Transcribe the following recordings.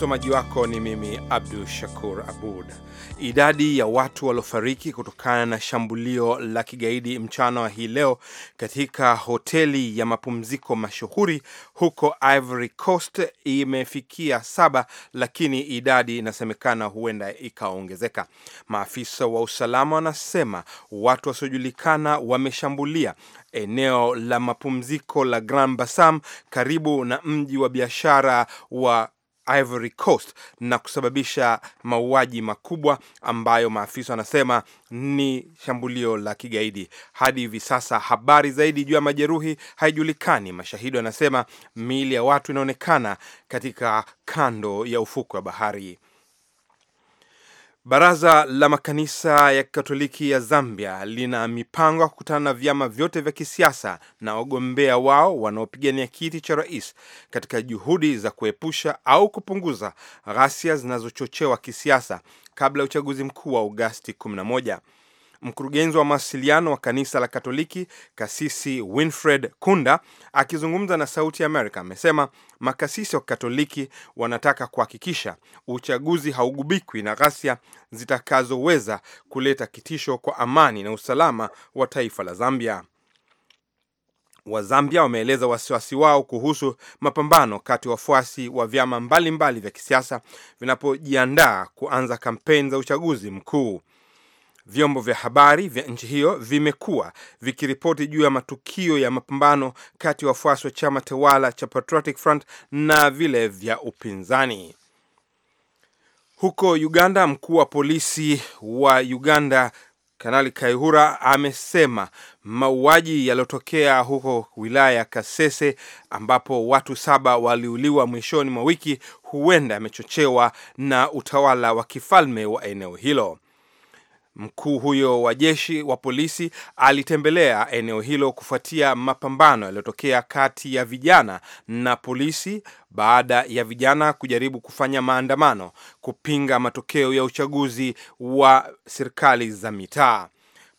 Msomaji wako ni mimi Abdu Shakur Abud. Idadi ya watu waliofariki kutokana na shambulio la kigaidi mchana wa hii leo katika hoteli ya mapumziko mashuhuri huko Ivory Coast imefikia saba, lakini idadi inasemekana huenda ikaongezeka. Maafisa wa usalama wanasema watu wasiojulikana wameshambulia eneo la mapumziko la Grand Bassam karibu na mji wa biashara wa Ivory Coast na kusababisha mauaji makubwa ambayo maafisa wanasema ni shambulio la kigaidi. Hadi hivi sasa habari zaidi juu ya majeruhi haijulikani. Mashahidi wanasema miili ya watu inaonekana katika kando ya ufukwe wa bahari. Baraza la makanisa ya Katoliki ya Zambia lina mipango ya kukutana na vyama vyote vya kisiasa na wagombea wao wanaopigania kiti cha rais katika juhudi za kuepusha au kupunguza ghasia zinazochochewa kisiasa kabla ya uchaguzi mkuu wa Agosti 11. Mkurugenzi wa mawasiliano wa kanisa la Katoliki Kasisi Winfred Kunda akizungumza na Sauti ya Amerika amesema makasisi wa Katoliki wanataka kuhakikisha uchaguzi haugubikwi na ghasia zitakazoweza kuleta kitisho kwa amani na usalama wa taifa la Zambia. Wazambia wameeleza wasiwasi wao kuhusu mapambano kati ya wafuasi wa vyama mbalimbali mbali vya kisiasa vinapojiandaa kuanza kampeni za uchaguzi mkuu. Vyombo vya habari vya nchi hiyo vimekuwa vikiripoti juu ya matukio ya mapambano kati ya wafuasi wa chama tawala cha Patriotic Front na vile vya upinzani. Huko Uganda, mkuu wa polisi wa Uganda Kanali Kaihura amesema mauaji yaliyotokea huko wilaya ya Kasese ambapo watu saba waliuliwa mwishoni mwa wiki huenda yamechochewa na utawala wa kifalme wa eneo hilo. Mkuu huyo wa jeshi wa polisi alitembelea eneo hilo kufuatia mapambano yaliyotokea kati ya vijana na polisi baada ya vijana kujaribu kufanya maandamano kupinga matokeo ya uchaguzi wa serikali za mitaa.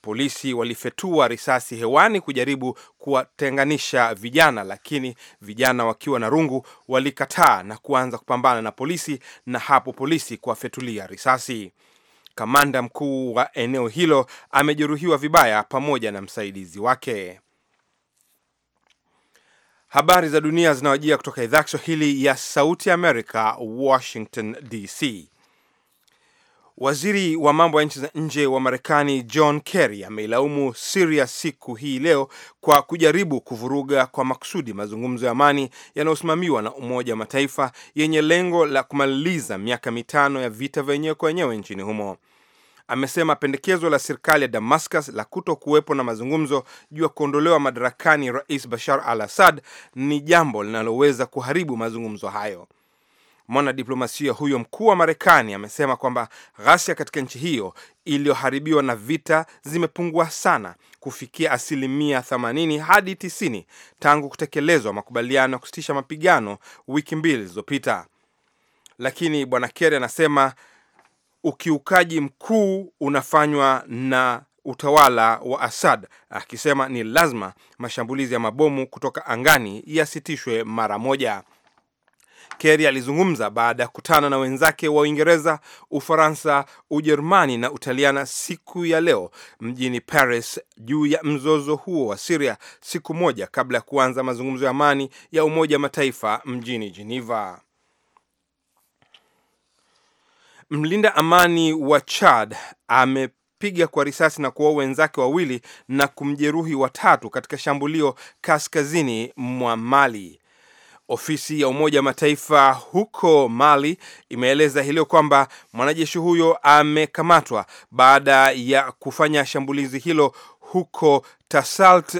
Polisi walifetua risasi hewani kujaribu kuwatenganisha vijana, lakini vijana wakiwa na rungu walikataa na kuanza kupambana na polisi, na hapo polisi kuwafetulia risasi. Kamanda mkuu wa eneo hilo amejeruhiwa vibaya pamoja na msaidizi wake. Habari za dunia zinawajia kutoka idhaa Kiswahili ya Sauti Amerika, Washington DC. Waziri wa mambo ya nchi za nje wa Marekani John Kerry ameilaumu Siria siku hii leo kwa kujaribu kuvuruga kwa makusudi mazungumzo ya amani yanayosimamiwa na Umoja wa Mataifa yenye lengo la kumaliza miaka mitano ya vita wenyewe kwa wenyewe nchini humo. Amesema pendekezo la serikali ya Damascus la kuto kuwepo na mazungumzo juu ya kuondolewa madarakani Rais Bashar al Assad ni jambo linaloweza kuharibu mazungumzo hayo. Mwanadiplomasia huyo mkuu wa Marekani amesema kwamba ghasia katika nchi hiyo iliyoharibiwa na vita zimepungua sana kufikia asilimia 80 hadi 90 tangu kutekelezwa makubaliano ya kusitisha mapigano wiki mbili zilizopita. Lakini bwana Kerry anasema ukiukaji mkuu unafanywa na utawala wa Assad, akisema ni lazima mashambulizi ya mabomu kutoka angani yasitishwe mara moja. Kerry alizungumza baada ya kukutana na wenzake wa Uingereza, Ufaransa, Ujerumani na Utaliana siku ya leo mjini Paris juu ya mzozo huo wa Siria, siku moja kabla ya kuanza mazungumzo ya amani ya Umoja wa Mataifa mjini Geneva. Mlinda amani wa Chad ame piga kwa risasi na kuwaua wenzake wawili na kumjeruhi watatu katika shambulio kaskazini mwa Mali. Ofisi ya Umoja wa Mataifa huko Mali imeeleza hilo kwamba mwanajeshi huyo amekamatwa baada ya kufanya shambulizi hilo huko Tasalt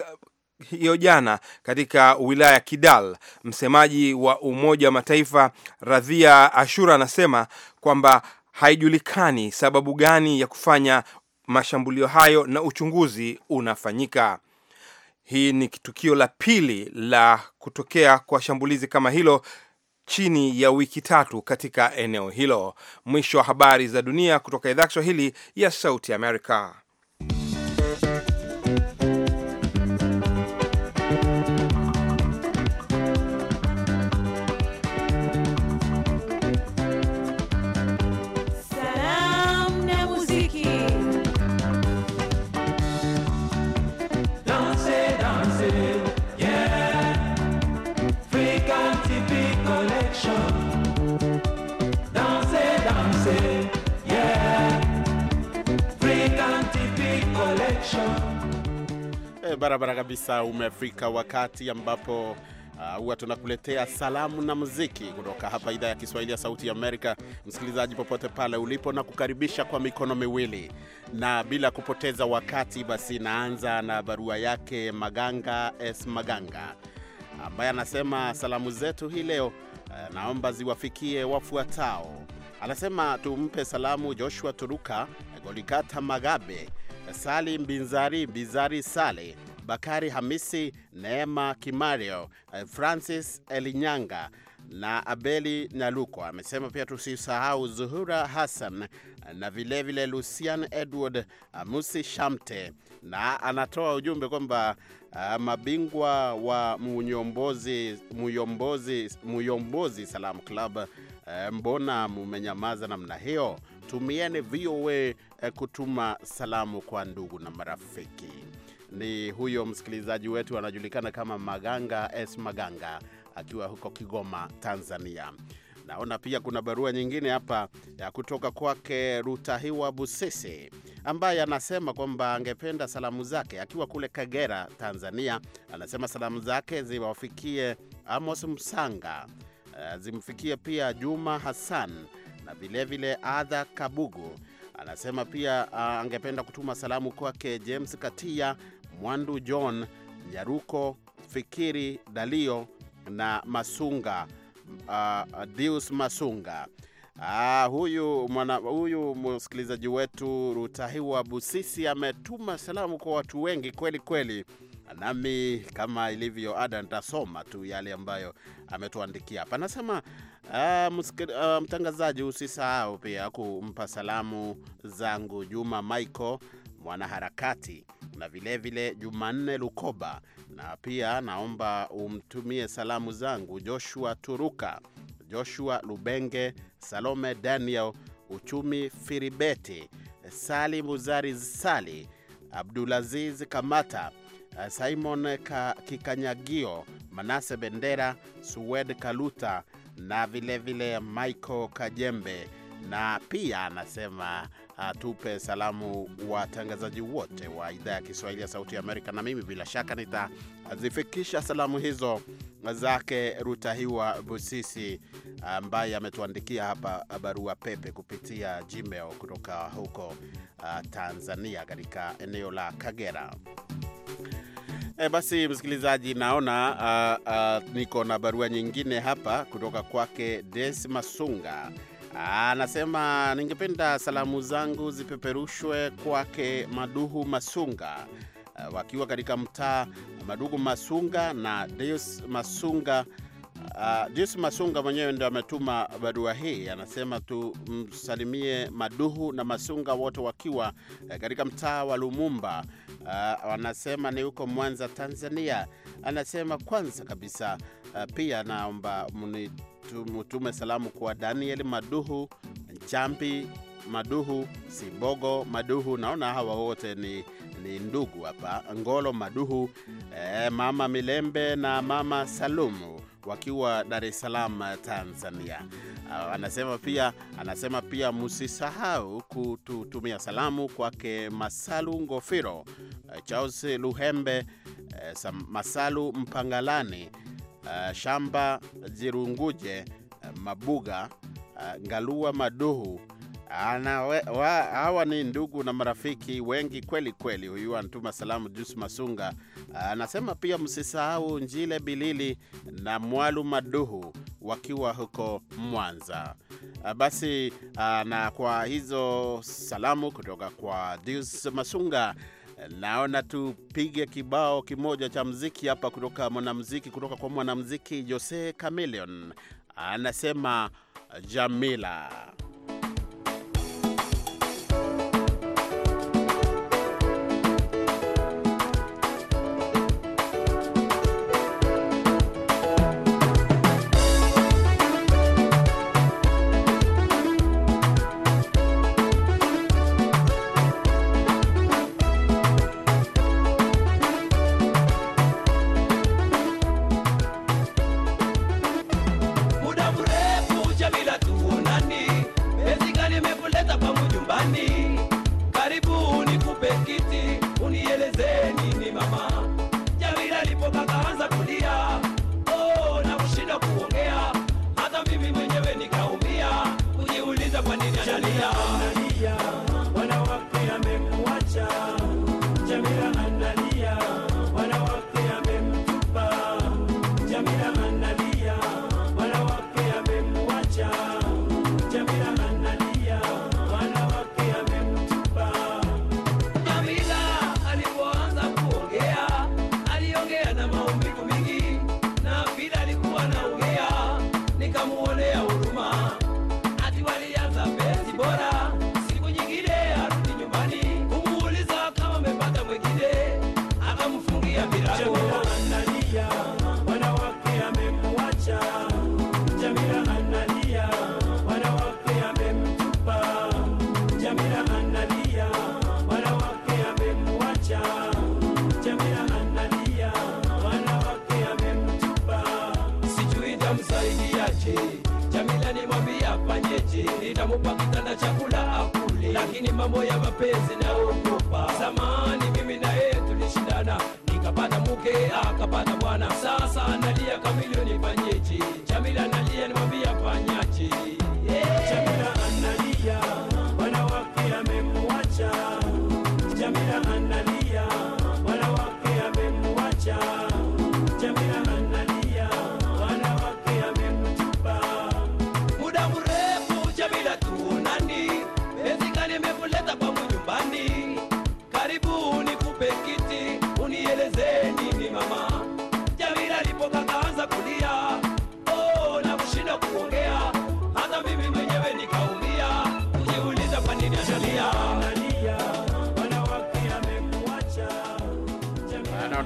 hiyo jana katika wilaya Kidal. Msemaji wa Umoja wa Mataifa Radhia Ashura anasema kwamba haijulikani sababu gani ya kufanya mashambulio hayo na uchunguzi unafanyika. Hii ni tukio la pili la kutokea kwa shambulizi kama hilo chini ya wiki tatu katika eneo hilo. Mwisho wa habari za dunia kutoka idhaa Kiswahili ya Sauti Amerika. barabara kabisa. Umefika wakati ambapo uh, huwa uh, tunakuletea salamu na muziki kutoka hapa idhaa ya Kiswahili ya Sauti ya Amerika. Msikilizaji popote pale ulipo, na kukaribisha kwa mikono miwili, na bila kupoteza wakati, basi naanza na barua yake Maganga S Maganga ambaye anasema salamu zetu hii leo uh, naomba ziwafikie wafuatao. Anasema tumpe salamu Joshua Turuka, Golikata Magabe, Sali Mbinzari, Bizari Sale Bakari Hamisi, Neema Kimario, eh, Francis Elinyanga na Abeli Nyaluko. Amesema pia tusisahau Zuhura Hassan eh, na vilevile vile Lucian Edward eh, Musi Shamte, na anatoa ujumbe kwamba uh, mabingwa wa Muyombozi, Muyombozi, Muyombozi Salam Club, uh, mbona mumenyamaza namna hiyo? Tumieni VOA uh, kutuma salamu kwa ndugu na marafiki ni huyo msikilizaji wetu anajulikana kama Maganga S Maganga akiwa huko Kigoma, Tanzania. Naona pia kuna barua nyingine hapa ya kutoka kwake Rutahiwa Busese ambaye anasema kwamba angependa salamu zake akiwa kule Kagera, Tanzania. Anasema salamu zake ziwafikie Amos Msanga, eh, zimfikie pia Juma Hassan na vilevile Adha Kabugu. Anasema pia ah, angependa kutuma salamu kwake James Katia Mwandu John, Nyaruko Fikiri Dalio na Masunga uh, ah, ah, Dius Masunga. Ah, huyu mwana, huyu msikilizaji wetu Rutahiwa Busisi ametuma salamu kwa watu wengi kweli kweli, nami kama ilivyo ada nitasoma tu yale ambayo ametuandikia hapa. Anasema ah, mtangazaji, usisahau pia kumpa salamu zangu Juma Michael mwanaharakati na vilevile Jumanne Lukoba, na pia naomba umtumie salamu zangu Joshua Turuka, Joshua Lubenge, Salome Daniel Uchumi, Firibeti Sali, Muzari Sali, Abdulaziz Kamata, Simon Kikanyagio, Manase Bendera, Suwed Kaluta na vilevile vile Michael Kajembe na pia anasema atupe salamu watangazaji wote wa idhaa ya Kiswahili ya Sauti ya Amerika, na mimi bila shaka nitazifikisha salamu hizo zake Rutahiwa Busisi ambaye ametuandikia hapa barua pepe kupitia Gmail kutoka huko uh, Tanzania, katika eneo la Kagera. E, basi msikilizaji, naona uh, uh, niko na barua nyingine hapa kutoka kwake Des Masunga Anasema ah, ningependa salamu zangu zipeperushwe kwake Maduhu Masunga ah, wakiwa katika mtaa Madugu Masunga na Deus Masunga. Uh, Deus Masunga mwenyewe ndio ametuma barua hii. Anasema tumsalimie Maduhu na Masunga wote wakiwa eh, katika mtaa wa Lumumba. Uh, anasema ni huko Mwanza, Tanzania. Anasema kwanza kabisa, uh, pia naomba tumutume salamu kwa Daniel Maduhu, champi Maduhu, Sibogo Maduhu, naona hawa wote ni, ni ndugu hapa, Ngolo Maduhu, eh, mama Milembe na mama Salumu wakiwa Dar es Salaam Tanzania. Uh, anasema pia anasema pia msisahau kututumia salamu kwake Masalu Ngofiro, uh, Charles Luhembe, uh, Masalu Mpangalani, uh, Shamba Zirunguje, uh, Mabuga, uh, Ngalua Maduhu hawa ni ndugu na marafiki wengi kweli kweli. Huyu anatuma salamu Jus Masunga, anasema pia msisahau Njile Bilili na Mwalu Maduhu wakiwa huko Mwanza. Basi na kwa hizo salamu kutoka kwa Jus Masunga naona tupige kibao kimoja cha mziki hapa kutoka mwanamziki kutoka kwa mwanamziki Jose Chameleon anasema Jamila. vou dar asa pro diabo. nitamupa kitanda cha akule, lakini mambo ya mapenzi naogopa. Zamani mimi na yeye tulishindana, nikapata mke akapata bwana, sasa analia Kamili, nifanyeje? Jamila analia, nimwambia fanyaje?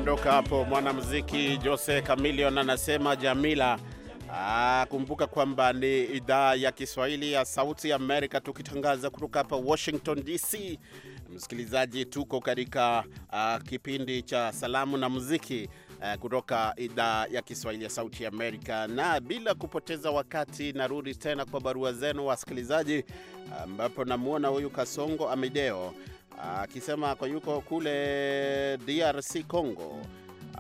Akiondoka hapo mwanamuziki Jose Chameleone anasema Jamila. Aa, ah, kumbuka kwamba ni idhaa ya Kiswahili ya Sauti Amerika tukitangaza kutoka hapa Washington DC. Msikilizaji, tuko katika ah, kipindi cha salamu na muziki uh, kutoka idhaa ya Kiswahili ya Sauti Amerika, na bila kupoteza wakati narudi tena kwa barua zenu wasikilizaji, ambapo namwona huyu Kasongo Amideo akisema kwa yuko kule DRC Congo.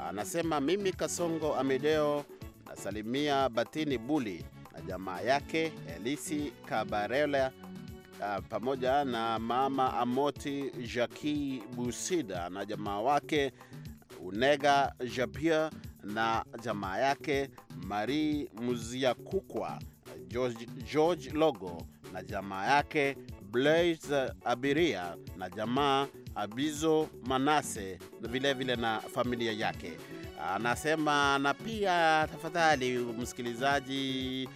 Anasema mimi Kasongo Amedeo nasalimia Batini Buli na jamaa yake Elisi Kabarela pamoja na mama Amoti Jaki Busida na jamaa wake Unega Jabia na jamaa yake Marie Muziakukwa George, George Logo na jamaa yake Blaise Abiria na jamaa Abizo Manase vilevile vile na familia yake. Anasema na pia, tafadhali msikilizaji,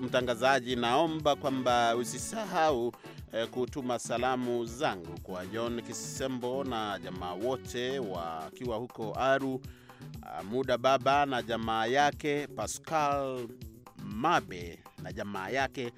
mtangazaji, naomba kwamba usisahau e, kutuma salamu zangu kwa John Kisembo na jamaa wote wakiwa huko Aru, Muda Baba na jamaa yake, Pascal Mabe na jamaa yake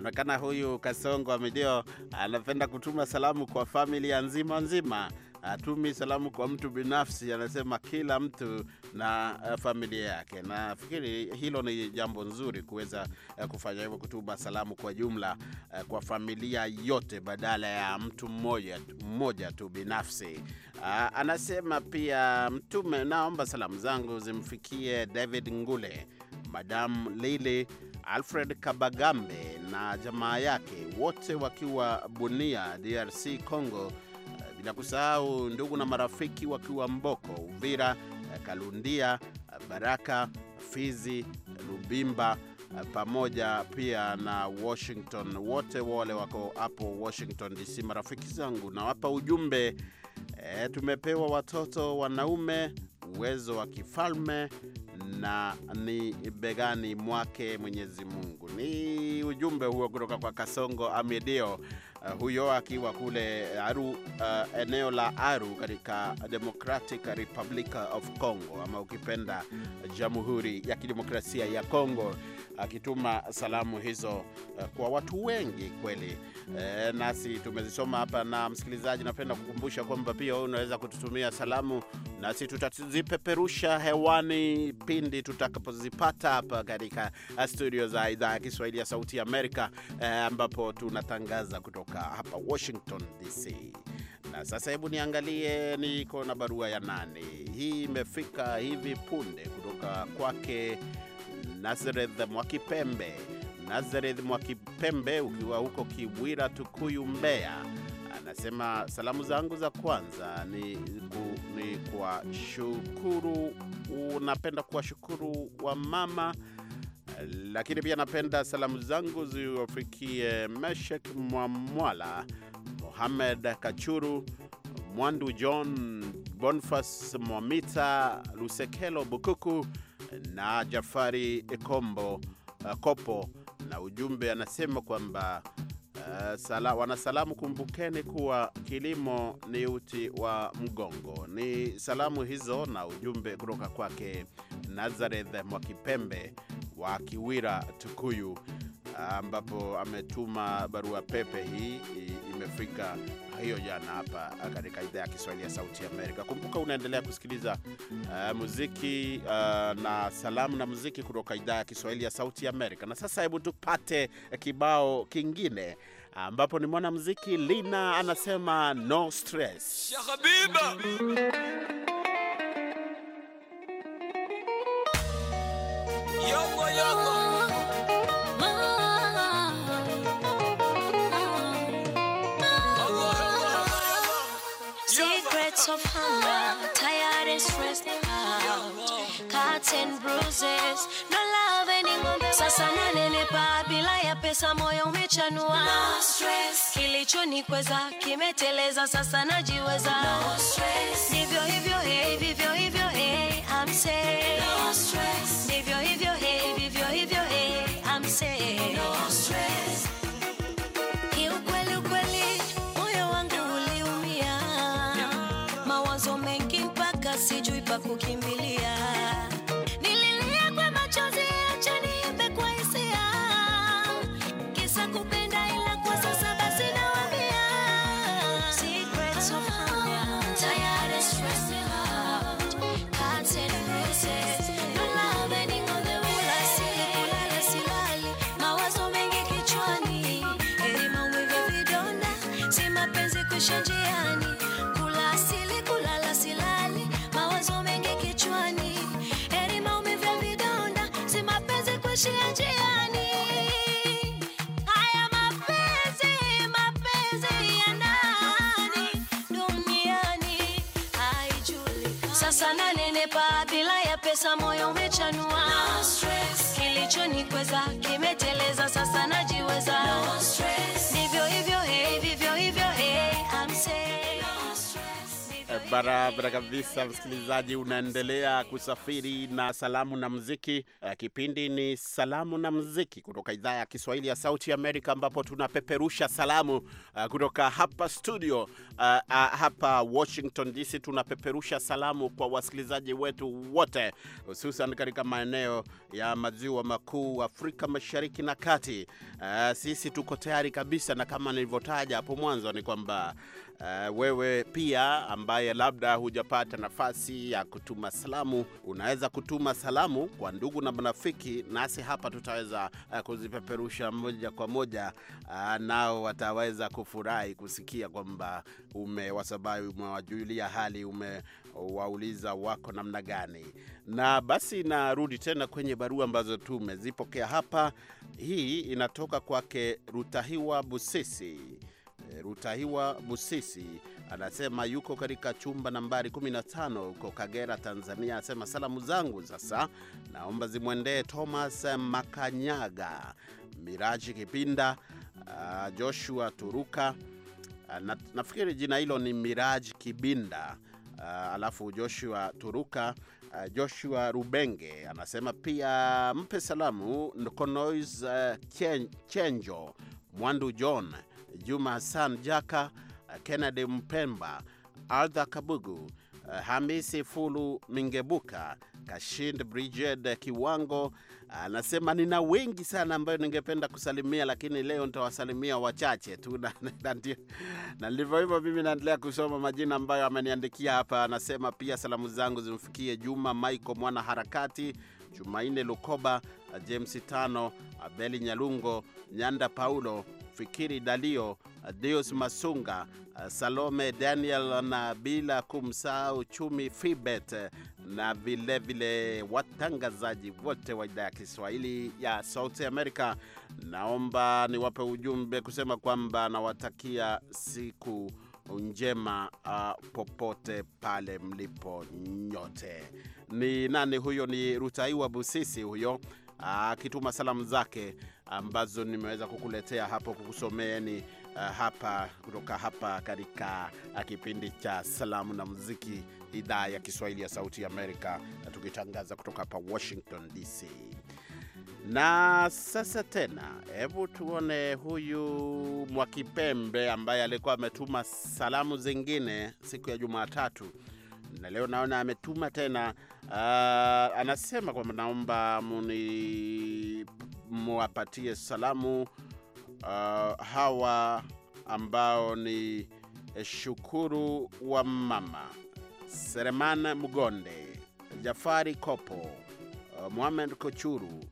Naonekana huyu Kasongo Amedeo anapenda kutuma salamu kwa familia nzima nzima, atumi salamu kwa mtu binafsi, anasema kila mtu na eh, familia yake. Nafikiri hilo ni jambo nzuri kuweza eh, kufanya hivyo, kutuma salamu kwa jumla eh, kwa familia yote badala ya mtu mmoja mmoja tu binafsi. Ah, anasema pia mtume, naomba salamu zangu zimfikie David Ngule, Madam Lili Alfred Kabagambe na jamaa yake wote wakiwa Bunia, DRC Congo, eh, bila kusahau ndugu na marafiki wakiwa Mboko, Uvira, eh, Kalundia, eh, Baraka, Fizi, Lubimba pamoja pia na Washington. Wote wale wako hapo Washington DC, marafiki zangu, nawapa ujumbe e, tumepewa watoto wanaume uwezo wa kifalme na ni begani mwake Mwenyezi Mungu. Ni ujumbe huo kutoka kwa Kasongo Amedio, uh, huyo akiwa kule Aru, uh, eneo la Aru katika Democratic Republic of Congo ama ukipenda Jamhuri ya Kidemokrasia ya Congo akituma salamu hizo eh, kwa watu wengi kweli. E, nasi tumezisoma hapa, na msikilizaji, napenda kukumbusha kwamba pia wewe unaweza kututumia salamu, nasi tutazipeperusha hewani pindi tutakapozipata hapa katika studio za idhaa ya Kiswahili ya Sauti ya Amerika, eh, ambapo tunatangaza kutoka hapa Washington DC. Na sasa hebu niangalie, niko na barua ya nani hii, imefika hivi punde kutoka kwake Nazareth Mwakipembe. Nazareth Mwakipembe ukiwa huko Kibwira, Tukuyu, Mbeya, anasema salamu zangu za kwanza ni, ku, ni kwa shukuru, unapenda kuwashukuru wa mama lakini pia napenda salamu zangu ziwafikie Meshek Mwamwala, Mohamed Kachuru, Mwandu John, Bonfas Mwamita, Lusekelo Bukuku na Jafari Ekombo uh, Kopo. Na ujumbe anasema kwamba uh, sala, wanasalamu, kumbukeni kuwa kilimo ni uti wa mgongo. Ni salamu hizo na ujumbe kutoka kwake Nazareth Mwakipembe wa Kiwira, Tukuyu ambapo ametuma barua pepe hii imefika hiyo jana hapa katika idhaa ya Kiswahili ya Sauti Amerika. Kumbuka unaendelea kusikiliza uh, muziki uh, na salamu na muziki kutoka idhaa ya Kiswahili ya Sauti Amerika. Na sasa hebu tupate kibao kingine ambapo ni mwanamuziki Lina anasema no stress. and bruises, no love anymore. Sasa nanenepa bila ya pesa, moyo umechanua. No stress, kilichonikweza kimeteleza, sasa najiweza. No stress, Nivyo hivyo hey, vivyo hivyo hey, I'm safe. No stress, Nivyo hivyo hey, vivyo hivyo hey, I'm safe. No stress. Kiukweli sijui pa kukimbilia Tuishie njiani. Haya bila ya pesa, moyo umechanua, nikweza kimeteleza, sasa naji Barabara kabisa, msikilizaji, unaendelea kusafiri na salamu na mziki eh, Kipindi ni salamu na mziki kutoka idhaa ya Kiswahili ya Sauti Amerika, ambapo tunapeperusha salamu eh, kutoka hapa studio eh, hapa Washington DC. Tunapeperusha salamu kwa wasikilizaji wetu wote, hususan katika maeneo ya maziwa makuu, Afrika Mashariki na Kati. Sisi tuko tayari kabisa, na kama nilivyotaja hapo mwanzo ni kwamba wewe pia ambaye labda hujapata nafasi ya kutuma salamu, unaweza kutuma salamu kwa ndugu na marafiki, nasi hapa tutaweza eh, kuzipeperusha moja kwa moja, eh, nao wataweza kufurahi kusikia kwamba umewasabai, umewajulia hali, umewauliza wako namna gani. Na basi narudi tena kwenye barua ambazo tumezipokea hapa. Hii inatoka kwake Rutahiwa Busisi. Rutahiwa Busisi anasema yuko katika chumba nambari 15 huko Kagera, Tanzania. Anasema salamu zangu sasa naomba zimwendee Thomas Makanyaga, Miraji Kipinda, ah, Joshua Turuka. Ah, na, nafikiri jina hilo ni Miraji Kibinda, ah, alafu Joshua Turuka, Joshua Rubenge anasema pia mpe salamu Nkonois Chenjo, Mwandu John Juma Hassan Jaka, uh, Kennedy Mpemba, Arthur Kabugu, uh, Hamisi Fulu Mingebuka, Kashind Brigid Kiwango. Anasema nina wengi sana ambayo ningependa kusalimia, lakini leo nitawasalimia wachache tu, na ndivyo hivyo. Mimi naendelea kusoma majina ambayo ameniandikia hapa. Anasema pia salamu zangu zimfikie Juma Michael mwana harakati, Jumaine Lukoba, James Tano, Abeli Nyalungo, Nyanda Paulo Fikiri Dalio, Deus Masunga, Salome Daniel na bila kumsahau Chumi Fibet na vilevile vile watangazaji wote wa idhaa ya Kiswahili ya Sauti Amerika. Naomba niwape ujumbe kusema kwamba nawatakia siku njema uh, popote pale mlipo nyote. Ni nani huyo? Ni Rutaiwa Busisi huyo akituma uh, salamu zake ambazo nimeweza kukuletea hapo kukusomeeni uh, hapa kutoka hapa katika uh, kipindi cha salamu na muziki, idhaa ya Kiswahili ya Sauti Amerika, uh, tukitangaza kutoka hapa Washington DC. Na sasa tena, hebu tuone huyu Mwakipembe ambaye alikuwa ametuma salamu zingine siku ya Jumatatu na leo naona ametuma tena. Uh, anasema kwamba naomba muni mwapatie salamu uh, hawa ambao ni eh, Shukuru wa mama Sereman Mgonde, Jafari Kopo, uh, Mohamed Kochuru,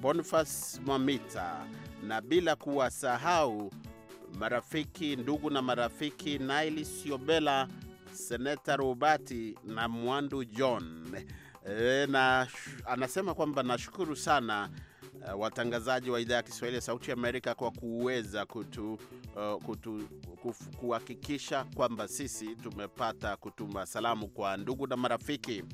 Bonifas Mwamita na bila kuwasahau marafiki ndugu na marafiki Naili Siobela, Seneta Robati na Mwandu John. E, na anasema kwamba nashukuru sana uh, watangazaji wa idhaa ya Kiswahili ya Sauti Amerika kwa kuweza kutu, uh, kutu, kuhakikisha kwamba sisi tumepata kutuma salamu kwa ndugu na marafiki,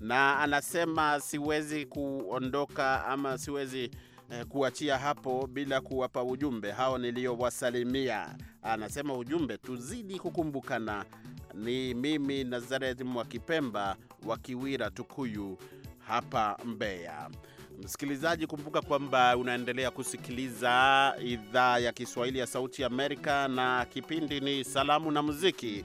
na anasema siwezi kuondoka ama siwezi eh, kuachia hapo bila kuwapa ujumbe hao niliyowasalimia. Anasema ujumbe, tuzidi kukumbukana. Ni mimi Nazareth Mwakipemba wa Kiwira, Tukuyu hapa Mbeya. Msikilizaji, kumbuka kwamba unaendelea kusikiliza idhaa ya Kiswahili ya Sauti ya Amerika, na kipindi ni Salamu na Muziki,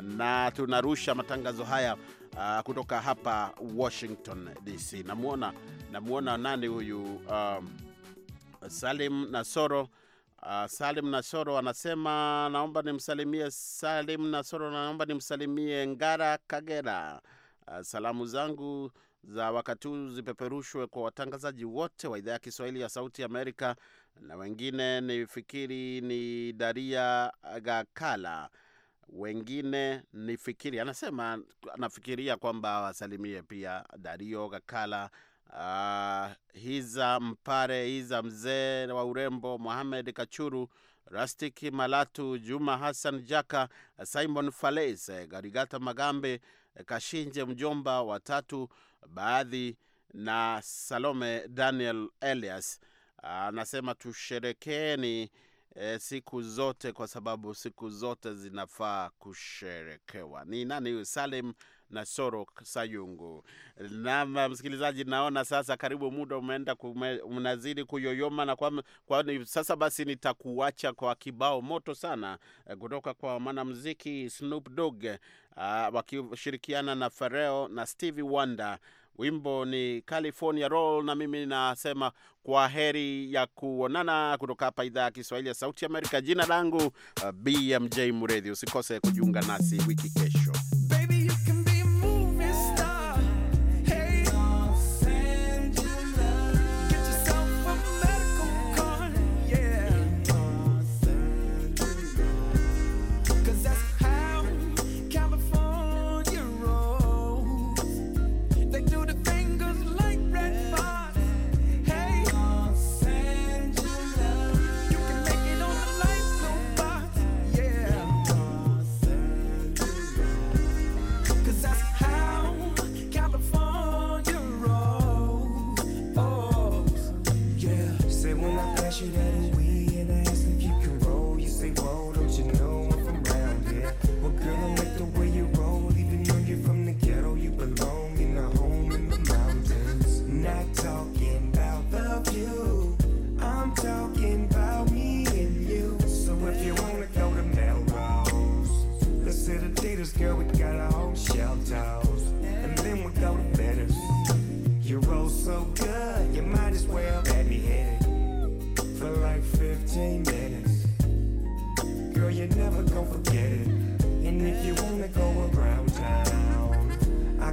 na tunarusha matangazo haya uh, kutoka hapa Washington DC. Namwona namwona nani huyu? Uh, Salim Nasoro. Uh, Salim Nasoro anasema naomba nimsalimie Salim Nasoro, naomba nimsalimie Ngara Kagera. Uh, salamu zangu za wakati huu zipeperushwe kwa watangazaji wote wa idhaa ya Kiswahili ya Sauti Amerika, na wengine nifikiri ni Daria Gakala, wengine nifikiri anasema, anafikiria kwamba wasalimie pia Dario Gakala, uh, Hiza Mpare, Hiza mzee wa urembo, Muhamed Kachuru, rastik Malatu, Juma Hassan Jaka, Simon Fales, Garigata Magambe, Kashinje mjomba watatu baadhi na Salome Daniel Elias anasema tusherekeeni e, siku zote kwa sababu siku zote zinafaa kusherekewa. Ni nani huyu? Salim na Soro Sayungu. Na msikilizaji, naona sasa karibu muda umeenda mnazidi kuyoyoma, na kwa, kwa sasa basi nitakuacha kwa kibao moto sana eh, kutoka kwa mwanamuziki Snoop Dogg ah, wakishirikiana na Pharrell na Stevie Wonder. Wimbo ni California Roll, na mimi nasema kwa heri ya kuonana kutoka hapa idhaa ya Kiswahili ya Sauti Amerika. Jina langu uh, ah, BMJ Muredhi. Usikose kujiunga nasi wiki kesho. should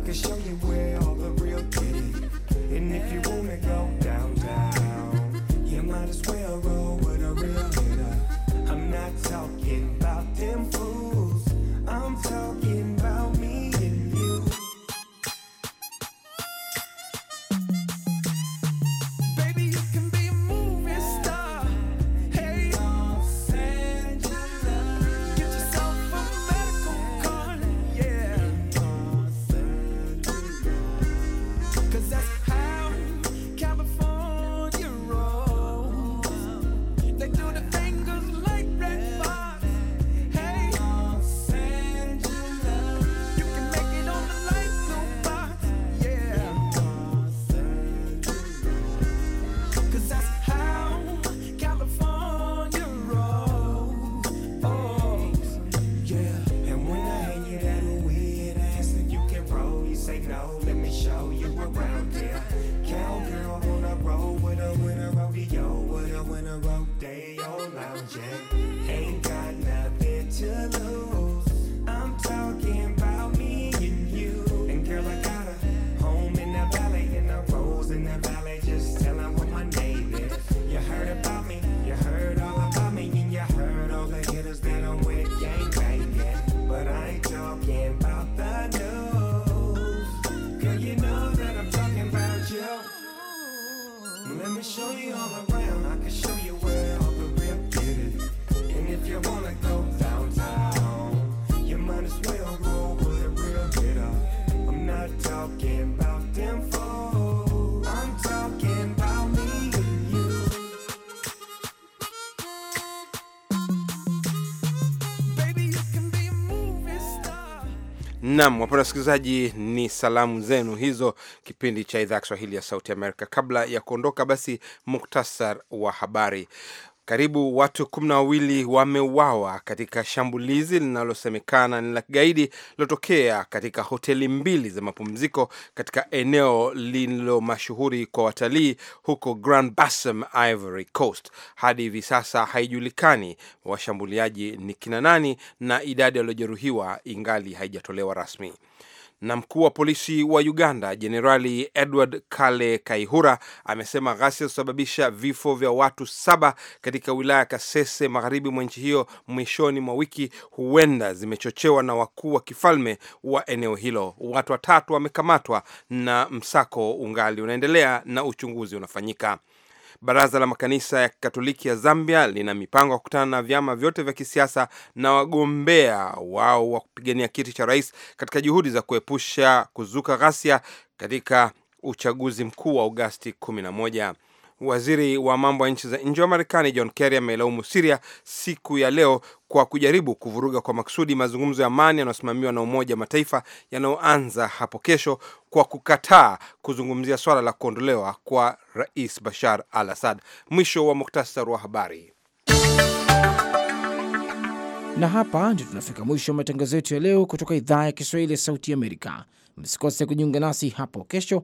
can show you. Nam, wapenda wasikilizaji, ni salamu zenu hizo, kipindi cha idhaa ya Kiswahili ya Sauti Amerika. Kabla ya kuondoka, basi muktasar wa habari. Karibu watu kumi na wawili wameuawa katika shambulizi linalosemekana ni la kigaidi lilotokea katika hoteli mbili za mapumziko katika eneo lililo mashuhuri kwa watalii huko Grand Bassam, Ivory Coast. Hadi hivi sasa haijulikani washambuliaji ni kina nani na idadi waliojeruhiwa ingali haijatolewa rasmi. Na mkuu wa polisi wa Uganda Jenerali Edward Kale Kaihura amesema ghasia zilisababisha vifo vya watu saba katika wilaya ya Kasese magharibi mwa nchi hiyo mwishoni mwa wiki huenda zimechochewa na wakuu wa kifalme wa eneo hilo. Watu watatu wamekamatwa na msako ungali unaendelea na uchunguzi unafanyika. Baraza la makanisa ya Katoliki ya Zambia lina mipango ya kukutana na vyama vyote vya kisiasa na wagombea wao wa kupigania kiti cha rais katika juhudi za kuepusha kuzuka ghasia katika uchaguzi mkuu wa Agosti 11. Waziri wa mambo ya nchi za nje wa Marekani John Kerry amelaumu Siria siku ya leo kwa kujaribu kuvuruga kwa makusudi mazungumzo ya amani yanayosimamiwa na Umoja wa Mataifa yanayoanza hapo kesho kwa kukataa kuzungumzia swala la kuondolewa kwa Rais Bashar al Assad. Mwisho wa muktasar wa habari. Na hapa ndio tunafika mwisho wa matangazo yetu ya leo kutoka idhaa ya Kiswahili ya Sauti Amerika. Msikose kujiunga nasi hapo kesho